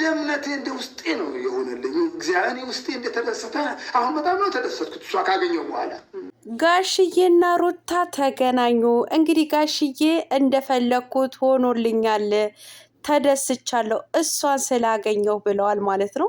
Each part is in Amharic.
እንደ እምነቴ እንደ ውስጤ ነው የሆነልኝ። እግዚአብሔር ውስጤ እንደተደሰተ አሁን በጣም ነው ተደሰትኩት እሷ ካገኘው በኋላ። ጋሽዬና ሩታ ተገናኙ። እንግዲህ ጋሽዬ እንደፈለግኩት ሆኖልኛል ተደስቻለሁ እሷን ስላገኘሁ ብለዋል ማለት ነው።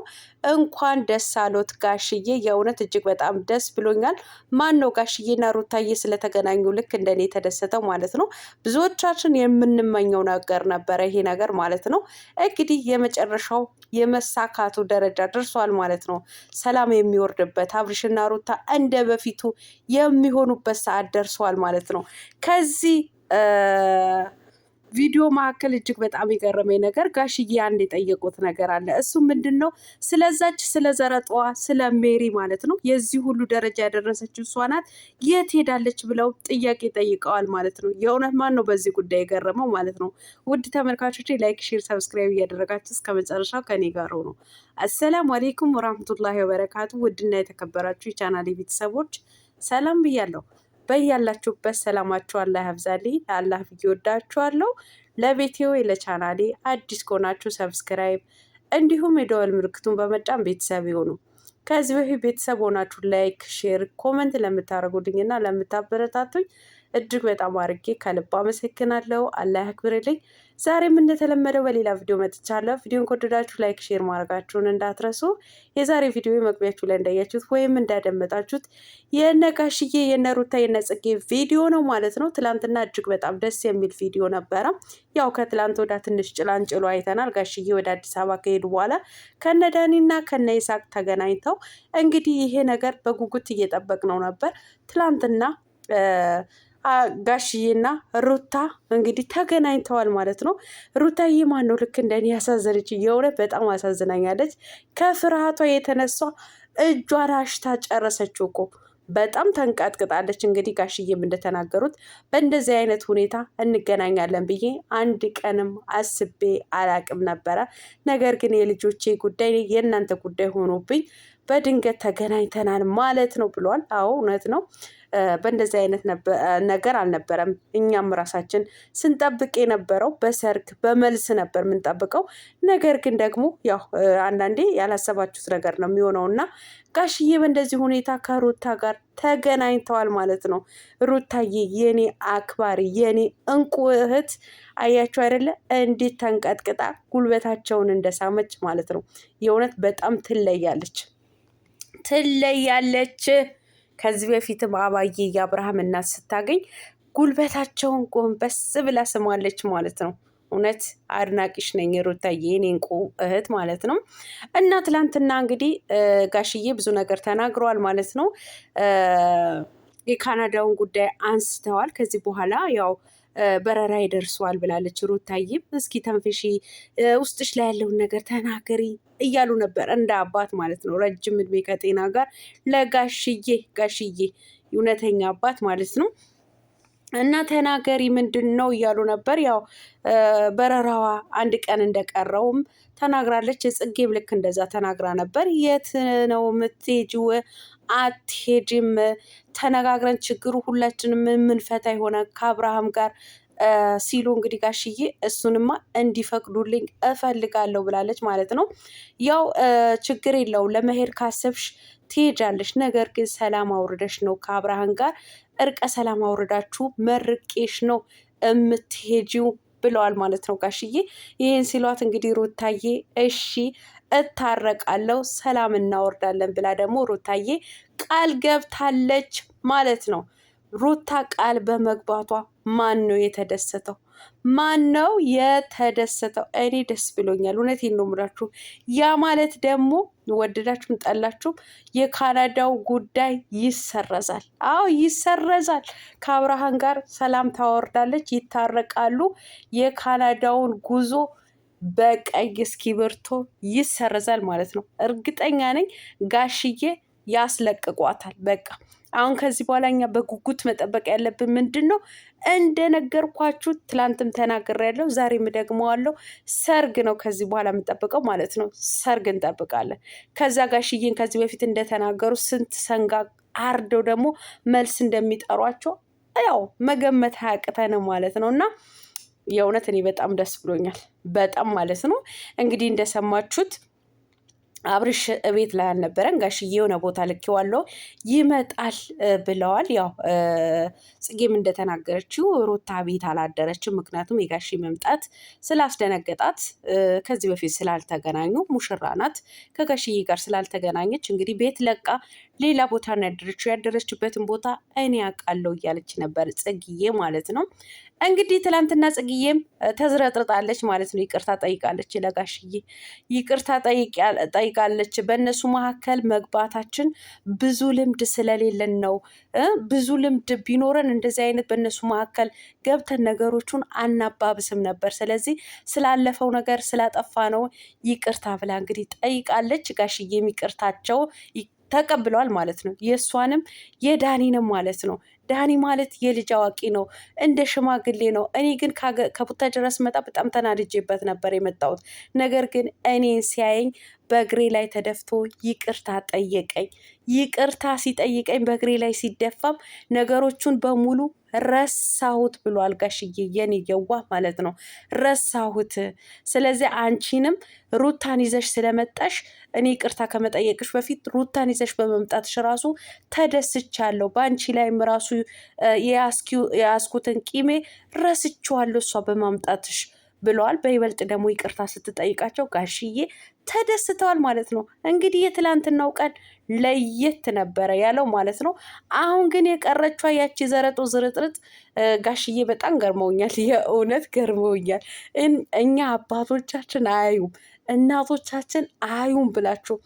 እንኳን ደስ አሎት ጋሽዬ፣ የእውነት እጅግ በጣም ደስ ብሎኛል። ማን ነው ጋሽዬና ሩታዬ ስለተገናኙ ልክ እንደኔ የተደሰተው ማለት ነው። ብዙዎቻችን የምንመኘው ነገር ነበረ ይሄ ነገር ማለት ነው። እንግዲህ የመጨረሻው የመሳካቱ ደረጃ ደርሷል ማለት ነው። ሰላም የሚወርድበት አብርሽና ሩታ እንደ በፊቱ የሚሆኑበት ሰዓት ደርሷል ማለት ነው። ከዚህ ቪዲዮ መካከል እጅግ በጣም የገረመኝ ነገር ጋሽዬ አንድ የጠየቁት ነገር አለ። እሱ ምንድን ነው? ስለዛች ስለ ዘረጧ ስለ ሜሪ ማለት ነው። የዚህ ሁሉ ደረጃ ያደረሰችው እሷ ናት፣ የት ሄዳለች ብለው ጥያቄ ጠይቀዋል ማለት ነው። የእውነት ማን ነው በዚህ ጉዳይ የገረመው ማለት ነው? ውድ ተመልካቾች ላይክ፣ ሼር፣ ሰብስክራይብ እያደረጋችሁ እስከ መጨረሻው ከኔ ጋር ነው። አሰላሙ አሌይኩም ወራህመቱላሂ ወበረካቱ። ውድና የተከበራችሁ የቻናሌ ቤተሰቦች ሰላም ብያለሁ። በያላችሁበት ሰላማችሁ አላህ ያብዛልኝ። አላህ ብዬ ወዳችኋለሁ። ለቤቴ ወይ ለቻናሌ አዲስ ከሆናችሁ ሰብስክራይብ እንዲሁም የደወል ምልክቱን በመጫን ቤተሰብ ይሁኑ። ከዚህ በፊት ቤተሰብ ሆናችሁ ላይክ፣ ሼር፣ ኮመንት ለምታደርጉልኝና ለምታበረታቱኝ እጅግ በጣም አድርጌ ከልብ አመሰግናለሁ። አላህ ያክብርልኝ። ዛሬም እንደተለመደው በሌላ ቪዲዮ መጥቻለሁ። ቪዲዮን ከወደዳችሁ ላይክ፣ ሼር ማድረጋችሁን እንዳትረሱ። የዛሬ ቪዲዮ መግቢያችሁ ላይ እንዳያችሁት ወይም እንዳደመጣችሁት የነ ጋሽዬ የነ ሩታ የነ ጽጌ ቪዲዮ ነው ማለት ነው። ትላንትና እጅግ በጣም ደስ የሚል ቪዲዮ ነበረ። ያው ከትላንት ወዳ ትንሽ ጭላንጭሎ አይተናል። ጋሽዬ ወደ አዲስ አበባ ከሄዱ በኋላ ከነ ዳኒና ከነ ይሳቅ ተገናኝተው እንግዲህ ይሄ ነገር በጉጉት እየጠበቅ ነው ነበር ትላንትና ጋሽዬና ሩታ እንግዲህ ተገናኝተዋል ማለት ነው። ሩታዬ ማን ነው ልክ እንደኔ ያሳዘነች፣ የእውነት በጣም አሳዝናኛለች። ከፍርሃቷ የተነሳ እጇን አሽታ ጨረሰችው እኮ በጣም ተንቀጥቅጣለች። እንግዲህ ጋሽዬም እንደተናገሩት በእንደዚህ አይነት ሁኔታ እንገናኛለን ብዬ አንድ ቀንም አስቤ አላቅም ነበረ። ነገር ግን የልጆቼ ጉዳይ የእናንተ ጉዳይ ሆኖብኝ በድንገት ተገናኝተናል ማለት ነው ብሏል። አዎ እውነት ነው። በእንደዚህ አይነት ነገር አልነበረም። እኛም ራሳችን ስንጠብቅ የነበረው በሰርግ በመልስ ነበር የምንጠብቀው። ነገር ግን ደግሞ ያው አንዳንዴ ያላሰባችሁት ነገር ነው የሚሆነው እና ጋሽዬ በእንደዚህ ሁኔታ ከሩታ ጋር ተገናኝተዋል ማለት ነው። ሩታዬ የኔ አክባሪ የኔ እንቁ እህት አያቸው አይደለ? እንዴት ተንቀጥቅጣ ጉልበታቸውን እንደሳመች ማለት ነው። የእውነት በጣም ትለያለች። ትለያለች። ከዚህ በፊትም አባዬ የአብርሃም እናት ስታገኝ ጉልበታቸውን ጎንበስ ብላ ስማለች ማለት ነው። እውነት አድናቂሽ ነኝ ሩታዬ፣ የኔ እንቁ እህት ማለት ነው። እና ትላንትና እንግዲህ ጋሽዬ ብዙ ነገር ተናግረዋል ማለት ነው። የካናዳውን ጉዳይ አንስተዋል። ከዚህ በኋላ ያው በረራ ይደርሷል ብላለች ሩታዬም። እስኪ ተንፍሺ፣ ውስጥሽ ላይ ያለውን ነገር ተናገሪ እያሉ ነበር፣ እንደ አባት ማለት ነው። ረጅም እድሜ ከጤና ጋር ለጋሽዬ ጋሽዬ እውነተኛ አባት ማለት ነው። እና ተናገሪ ምንድን ነው እያሉ ነበር። ያው በረራዋ አንድ ቀን እንደቀረውም ተናግራለች። የጽጌም ልክ እንደዛ ተናግራ ነበር። የት ነው የምትሄጂው? አትሄጂም? ተነጋግረን ችግሩ ሁላችንም የምንፈታ የሆነ ከአብርሃም ጋር ሲሉ እንግዲህ ጋሽዬ እሱንማ እንዲፈቅዱልኝ እፈልጋለሁ ብላለች ማለት ነው። ያው ችግር የለው ለመሄድ ካሰብሽ ትሄጃለሽ። ነገር ግን ሰላም አውርደሽ ነው ከአብርሃን ጋር እርቀ ሰላም አውርዳችሁ መርቄሽ ነው የምትሄጂው ብለዋል ማለት ነው ጋሽዬ። ይህን ሲሏት እንግዲህ ሩታዬ እሺ እታረቃለሁ ሰላም እናወርዳለን ብላ ደግሞ ሩታዬ ቃል ገብታለች ማለት ነው። ሩታ ቃል በመግባቷ ማን ነው የተደሰተው? ማን ነው የተደሰተው? እኔ ደስ ብሎኛል። እውነቴን ነው የምላችሁ። ያ ማለት ደግሞ ወደዳችሁም ጠላችሁም የካናዳው ጉዳይ ይሰረዛል። አዎ ይሰረዛል። ከአብርሃን ጋር ሰላም ታወርዳለች፣ ይታረቃሉ። የካናዳውን ጉዞ በቀይ እስክሪብቶ ይሰረዛል ማለት ነው። እርግጠኛ ነኝ ጋሽዬ ያስለቅቋታል። በቃ አሁን ከዚህ በኋላ እኛ በጉጉት መጠበቅ ያለብን ምንድን ነው? እንደነገርኳችሁ ትላንትም ያለው ዛሬም ደግመዋለው፣ ሰርግ ነው ከዚህ በኋላ የምንጠብቀው ማለት ነው። ሰርግ እንጠብቃለን። ከዛ ጋሽዬን ከዚህ በፊት እንደተናገሩ ስንት ሰንጋ አርደው ደግሞ መልስ እንደሚጠሯቸው ያው መገመት አያቅተን ማለት ነው እና የእውነት እኔ በጣም ደስ ብሎኛል። በጣም ማለት ነው እንግዲህ እንደሰማችሁት አብርሽ ቤት ላይ አልነበረም። ጋሽዬ የሆነ ቦታ ልኬዋለሁ ይመጣል ብለዋል። ያው ጽጌም እንደተናገረችው ሩታ ቤት አላደረችም። ምክንያቱም የጋሽ መምጣት ስላስደነገጣት ከዚህ በፊት ስላልተገናኙ ሙሽራ ናት ከጋሽዬ ጋር ስላልተገናኘች እንግዲህ ቤት ለቃ ሌላ ቦታ ነው ያደረችው። ያደረችበትን ቦታ እኔ አውቃለሁ እያለች ነበር ጽጌዬ ማለት ነው። እንግዲህ ትላንትና ጽግዬም ተዝረጥርጣለች ማለት ነው። ይቅርታ ጠይቃለች፣ ለጋሽዬ ይቅርታ ጠይቃለች። በእነሱ መካከል መግባታችን ብዙ ልምድ ስለሌለን ነው። ብዙ ልምድ ቢኖረን እንደዚህ አይነት በእነሱ መካከል ገብተን ነገሮቹን አናባብስም ነበር። ስለዚህ ስላለፈው ነገር ስላጠፋ ነው ይቅርታ ብላ እንግዲህ ጠይቃለች። ጋሽዬም ይቅርታቸው ተቀብለዋል ማለት ነው። የእሷንም የዳኒንም ማለት ነው። ዳኒ ማለት የልጅ አዋቂ ነው፣ እንደ ሽማግሌ ነው። እኔ ግን ከቡታጅራ ስመጣ በጣም ተናድጄበት ነበር የመጣሁት። ነገር ግን እኔን ሲያየኝ በእግሬ ላይ ተደፍቶ ይቅርታ ጠየቀኝ። ይቅርታ ሲጠይቀኝ በእግሬ ላይ ሲደፋም ነገሮቹን በሙሉ ረሳሁት ብሏል ጋሽዬ፣ የኔ የዋህ ማለት ነው ረሳሁት። ስለዚህ አንቺንም ሩታን ይዘሽ ስለመጣሽ እኔ ቅርታ ከመጠየቅሽ በፊት ሩታን ይዘሽ በመምጣትሽ ራሱ ተደስቻለሁ። በአንቺ ላይም ራሱ የያስኩትን ቂሜ ረስችዋለሁ እሷ በማምጣትሽ ብለዋል። በይበልጥ ደግሞ ይቅርታ ስትጠይቃቸው ጋሽዬ ተደስተዋል ማለት ነው። እንግዲህ የትላንትናው ቀን ለየት ነበረ ያለው ማለት ነው። አሁን ግን የቀረቿ ያቺ ዘረጦ ዝርጥርጥ ጋሽዬ በጣም ገርመውኛል። የእውነት ገርመውኛል። እኛ አባቶቻችን አያዩም እናቶቻችን አያዩም ብላችሁ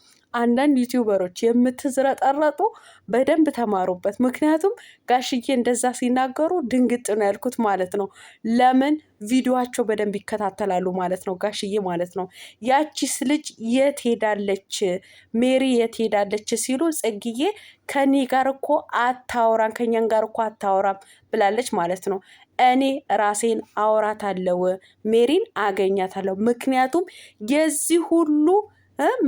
አንዳንድ ዩቲዩበሮች የምትዝረጠረጡ በደንብ ተማሩበት። ምክንያቱም ጋሽዬ እንደዛ ሲናገሩ ድንግጥ ነው ያልኩት ማለት ነው። ለምን ቪዲዮቸው በደንብ ይከታተላሉ ማለት ነው። ጋሽዬ ማለት ነው ያቺስ ልጅ የት ሄዳለች፣ ሜሪ የት ሄዳለች ሲሉ ጽግዬ ከኔ ጋር እኮ አታወራም፣ ከኛን ጋር እኮ አታወራም ብላለች ማለት ነው። እኔ ራሴን አለው ሜሪን አገኛታለሁ። ምክንያቱም የዚህ ሁሉ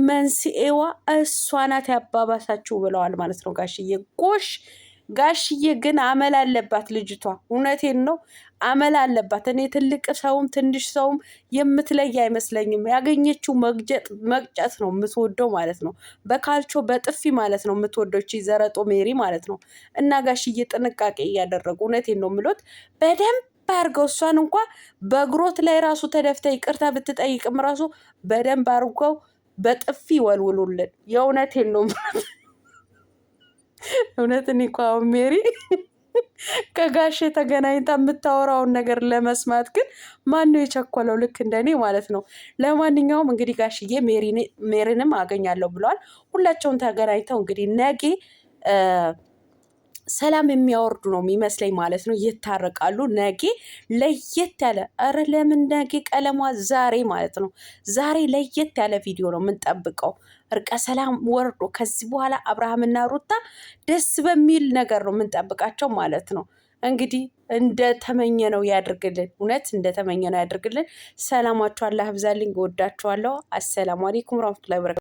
መንስኤዋ እሷ ናት ያባባሳችሁ ብለዋል ማለት ነው ጋሽዬ። ጎሽ ጋሽዬ ግን አመል አለባት ልጅቷ። እውነቴን ነው አመል አለባት። እኔ ትልቅ ሰውም ትንሽ ሰውም የምትለይ አይመስለኝም። ያገኘችው መቅጨት ነው የምትወደው ማለት ነው። በካልቾ በጥፊ ማለት ነው የምትወደች ዘረጦ ሜሪ ማለት ነው። እና ጋሽዬ ጥንቃቄ እያደረጉ እውነቴን ነው ምሎት በደንብ አድርገው እሷን እንኳ በእግሮት ላይ ራሱ ተደፍታ ይቅርታ ብትጠይቅም ራሱ በደንብ አድርገው በጥፊ ወልውሉልን። የእውነቴን ነው። እውነት እኔ እኮ አሁን ሜሪ ከጋሼ ተገናኝታ የምታወራውን ነገር ለመስማት ግን ማን ነው የቸኮለው? ልክ እንደኔ ማለት ነው። ለማንኛውም እንግዲህ ጋሽዬ ሜሪንም አገኛለሁ ብለዋል። ሁላቸውን ተገናኝተው እንግዲህ ነጌ ሰላም የሚያወርዱ ነው የሚመስለኝ ማለት ነው። ይታረቃሉ። ነጌ ለየት ያለ ኧረ ለምን ነጌ ቀለሟ ዛሬ ማለት ነው። ዛሬ ለየት ያለ ቪዲዮ ነው የምንጠብቀው። እርቀ ሰላም ወርዶ ከዚህ በኋላ አብርሃምና ሩታ ደስ በሚል ነገር ነው የምንጠብቃቸው ማለት ነው። እንግዲህ እንደተመኘ ነው ያድርግልን። እውነት እንደተመኘ ነው ያድርግልን። ሰላማችሁ አላህ ብዛልኝ። እወዳችኋለሁ። አሰላሙ አሌይኩም ረመቱላ በረካቱ